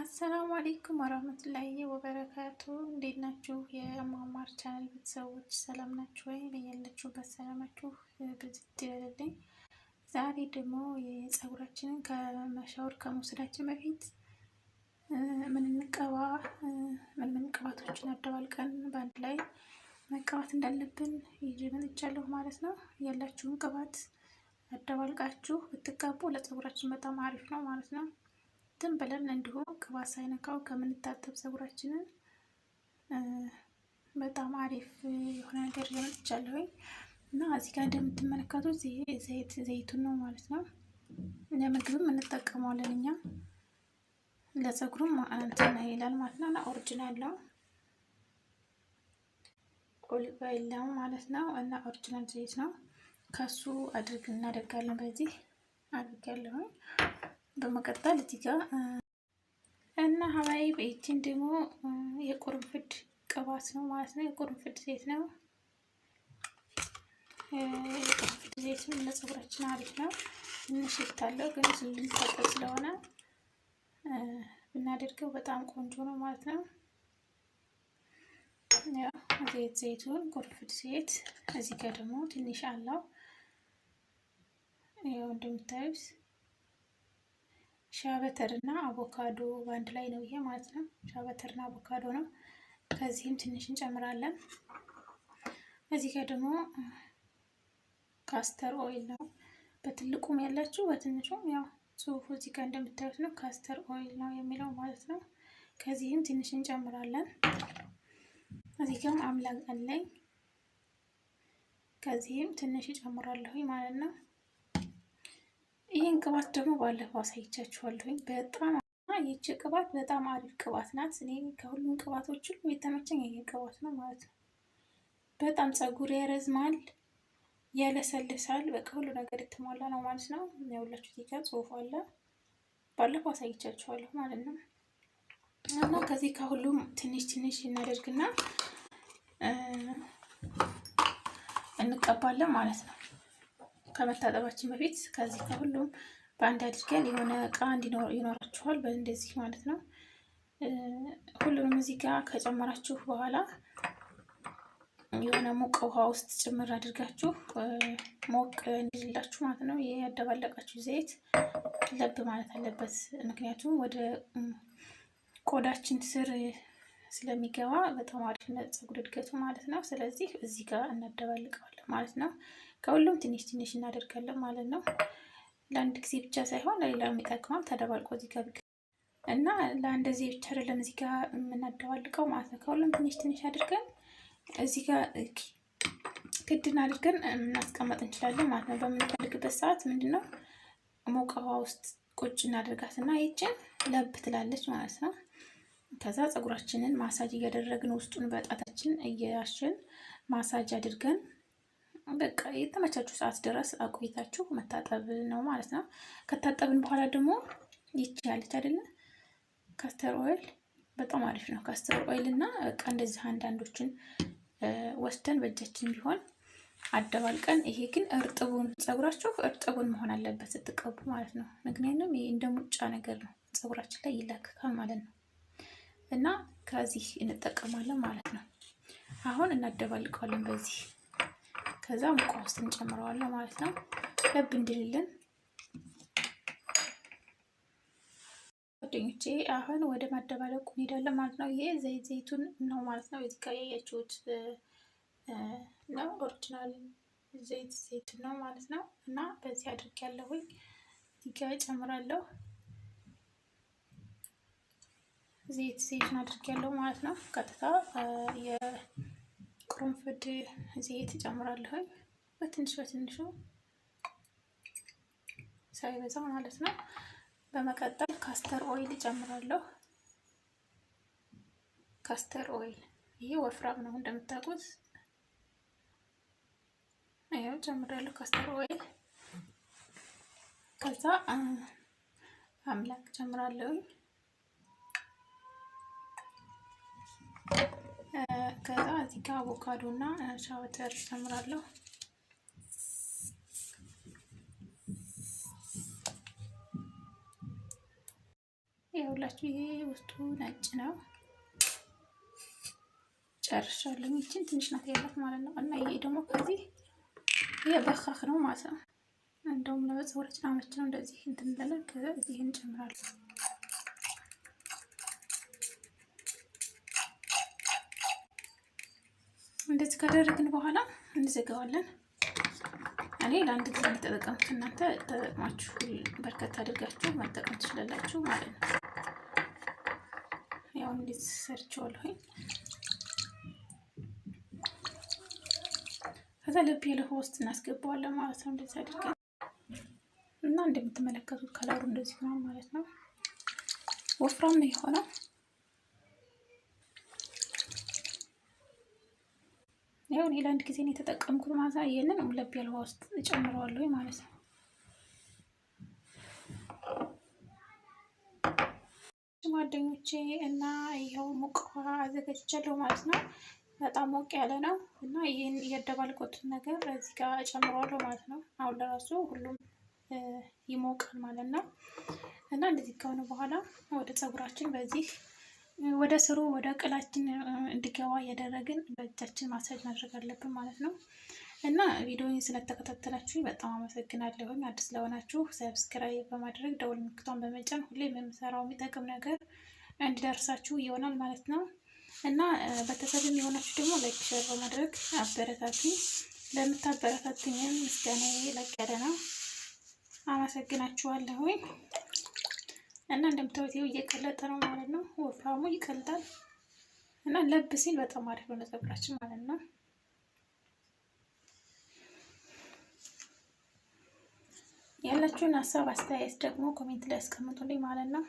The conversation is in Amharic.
አሰላሙ አሌይኩም ወራህመቱላሂ ወበረካቱ። እንዴት ናችሁ? የማማር ቻናል ቤተሰቦች ሰላም ናችሁ ወይ? በያላችሁበት ሰላማችሁ ብዝት ይበልልኝ። ዛሬ ደግሞ የፀጉራችንን ከመሻወር ከመውሰዳችን በፊት ምንንቀባ ምን ቅባቶችን አደባልቀን በአንድ ላይ መቀባት እንዳለብን ይዤ መጥቻለሁ ማለት ነው። ያላችሁን ቅባት አደባልቃችሁ ብትቀቡ ለፀጉራችን በጣም አሪፍ ነው ማለት ነው። ዝም ብለን እንዲሁ ቅባት ሳይነካው ከምንታጠብ ፀጉራችንን በጣም አሪፍ የሆነ ነገር ለመጥቻለሁኝ እና እዚህ ጋር እንደምትመለከቱት ዘይት ዘይቱን ነው ማለት ነው። ለምግብም እንጠቀመዋለን እኛ ለፀጉሩም እንትን ይላል ማለት ነው እና ኦሪጂናል ነው ኦሊቭ ኦይል ነው ማለት ነው እና ኦሪጂናል ዘይት ነው። ከሱ አድርግ እናደርጋለን በዚህ አድርጋለሁኝ። በመቀጠል እዚህ እና ሀባይ በኢቲን ደግሞ የቁርንፍድ ቅባት ነው ማለት ነው። የቁርንፍድ ዘይት ነው። የቁርንፍድ ዘይት ለፀጉራችን አሪፍ ነው። ትንሽ ይታለው ግን ልንታጠብ ስለሆነ ብናደርገው በጣም ቆንጆ ነው ማለት ነው። ዘይት ዘይቱን ቁርንፍድ ዘይት እዚህ ጋር ደግሞ ትንሽ አለው ያው እንደምታዩት ሻበተር እና አቮካዶ በአንድ ላይ ነው ይሄ ማለት ነው። ሻበተር እና አቮካዶ ነው። ከዚህም ትንሽ እንጨምራለን። እዚህ ጋር ደግሞ ካስተር ኦይል ነው። በትልቁም ያላችሁ በትንሹም ያው ጽሁፉ እዚህ ጋር እንደምታዩት ነው። ካስተር ኦይል ነው የሚለው ማለት ነው። ከዚህም ትንሽ እንጨምራለን። እዚህ ጋርም አምላክ አለኝ። ከዚህም ትንሽ እጨምራለሁ ማለት ነው። ይህን ቅባት ደግሞ ባለፈው አሳይቻችኋለሁኝ። በጣም ይቺ ቅባት በጣም አሪፍ ቅባት ናት። እኔ ከሁሉም ቅባቶች ሁሉ የተመቸኝ ይህ ቅባት ነው ማለት ነው። በጣም ጸጉር ያረዝማል፣ ያለሰልሳል። በቃ ሁሉ ነገር የተሟላ ነው ማለት ነው። ያውላችሁት ይቻ ጽሁፍ አለ ባለፈው አሳይቻችኋለሁ ማለት ነው። እና ከዚህ ከሁሉም ትንሽ ትንሽ እናደርግና እንቀባለን ማለት ነው። ከመታጠባችን በፊት ከዚህ ከሁሉም በአንድ አድርገን የሆነ እቃ ይኖራችኋል፣ በእንደዚህ ማለት ነው። ሁሉንም እዚህ ጋር ከጨመራችሁ በኋላ የሆነ ሙቅ ውሃ ውስጥ ጭምር አድርጋችሁ ሞቅ እንዲልላችሁ ማለት ነው። ያደባለቃችሁ ዘይት ለብ ማለት አለበት፣ ምክንያቱም ወደ ቆዳችን ስር ስለሚገባ በጣም አሪፍ ፀጉር እድገቱ ማለት ነው። ስለዚህ እዚህ ጋር እናደባልቀዋለን ማለት ነው። ከሁሉም ትንሽ ትንሽ እናደርጋለን ማለት ነው። ለአንድ ጊዜ ብቻ ሳይሆን ለሌላ የሚጠቅማል ተደባልቆ እዚህ ጋር እና ለአንድ ጊዜ ብቻ አይደለም እዚህ ጋር የምናደባልቀው ማለት ነው። ከሁሉም ትንሽ ትንሽ አድርገን እዚህ ጋር ክድን አድርገን እናስቀመጥ እንችላለን ማለት ነው። በምንፈልግበት ሰዓት ምንድነው ነው ሞቀዋ ውስጥ ቁጭ እናደርጋት እና ይችን ለብ ትላለች ማለት ነው። ከዛ ፀጉራችንን ማሳጅ እያደረግን ውስጡን በጣታችን እያያሽን ማሳጅ አድርገን በቃ የተመቻቹ ሰዓት ድረስ አቆይታችሁ መታጠብ ነው ማለት ነው። ከታጠብን በኋላ ደግሞ ይቻለች አይደለ ካስተር ኦይል በጣም አሪፍ ነው። ካስተር ኦይል እና በቃ እንደዚህ አንዳንዶችን ወስደን በእጃችን ቢሆን አደባልቀን ይሄ ግን እርጥቡን ፀጉራችሁ እርጥቡን መሆን አለበት ስትቀቡ ማለት ነው። ምክንያቱም ይሄ እንደ ሙጫ ነገር ነው፣ ፀጉራችን ላይ ይላክካል ማለት ነው። እና ከዚህ እንጠቀማለን ማለት ነው። አሁን እናደባልቀዋለን በዚህ ከዛ ሙቋ ውስጥ እንጨምረዋለን ማለት ነው። ለብ እንድልልን ጓደኞቼ አሁን ወደ ማደባለቁ እንሄዳለን ማለት ነው። ይሄ ዘይት ዘይቱን ነው ማለት ነው። እዚህ ጋር ያያችሁት ነው ኦሪጂናል ዘይት ዘይቱን ነው ማለት ነው። እና በዚህ አድርግ ያለሁኝ እዚህ ጋር ጨምራለሁ። ዘይት ዘይቱን አድርጌያለሁ ማለት ነው። ቀጥታ የቅርንፉድ ዘይት እጨምራለሁ በትንሽ በትንሹ ሳይበዛ ማለት ነው። በመቀጠል ካስተር ኦይል እጨምራለሁ። ካስተር ኦይል ይሄ ወፍራም ነው እንደምታውቁት። ይኸው ጨምራለሁ ካስተር ኦይል። ከዛ አምላክ ጨምራለሁኝ ከዛ እዚህ ጋር አቮካዶ እና ሻወተር እጨምራለሁ። ይኸውላችሁ ይሄ ውስጡ ነጭ ነው። ጨርሻለሁ። ይችን ትንሽ ናት ያላት ማለት ነው። እና ይሄ ደግሞ ከዚህ የበካክ ነው ማለት ነው። እንደውም ለፀጉራችን አመች ነው። እንደዚህ እንትን እንላለን። ከዛ እዚህ እንጨምራለን እንደዚህ ካደረግን በኋላ እንዘጋዋለን። እኔ ለአንድ ጊዜ የተጠቀምኩት እናንተ ተጠቅማችሁ በርከት አድርጋችሁ መጠቀም ትችላላችሁ ማለት ነው። ያው እንዴት ሰርቼዋለሁኝ። ከዛ ልብ የለሆ ውስጥ እናስገባዋለን ማለት ነው። እንደዚህ አድርገን እና እንደምትመለከቱት ከለሩ እንደዚህ ሆኗል ማለት ነው። ወፍራም ነው የሆነው። ይኸው እኔ ለአንድ ጊዜ ነው የተጠቀምኩት ማዛ ይሄንን ለብ ያለ ውስጥ እጨምረዋለሁ ማለት ነው። ጓደኞቼ እና ይኸው ሙቅ ውሃ አዘጋጅቻለሁ ማለት ነው። በጣም ሞቅ ያለ ነው እና ይህን እያደባልቁት ነገር እዚህ ጋር እጨምረዋለሁ ማለት ነው። አሁን ለራሱ ሁሉም ይሞቃል ማለት ነው እና እንደዚህ ከሆነ በኋላ ወደ ፀጉራችን በዚህ ወደ ስሩ ወደ ቅላችን እንዲገባ እያደረግን በእጃችን ማሳጅ ማድረግ አለብን ማለት ነው። እና ቪዲዮውን ስለተከታተላችሁ በጣም አመሰግናለሁ። አዲስ ለሆናችሁ ሰብስክራይብ በማድረግ ደውል ምልክቷን በመጫን ሁሌ የምንሰራው የሚጠቅም ነገር እንዲደርሳችሁ ይሆናል ማለት ነው። እና ቤተሰብም የሆናችሁ ደግሞ ላይክ፣ ሼር በማድረግ አበረታቱ። ለምታበረታቱኝም ምስጋና ላቅ ያለ ነው። አመሰግናችኋለሁኝ። እና እንደምታዩት ይኸው እየቀለጠ ነው ማለት ነው። ወፍራሙ ይቀልጣል እና ለብ ሲል በጣም አሪፍ ነው ለፀጉራችን ማለት ነው። ያላችሁን ሀሳብ አስተያየት ደግሞ ኮሜንት ላይ ያስቀምጡልኝ ማለት ነው።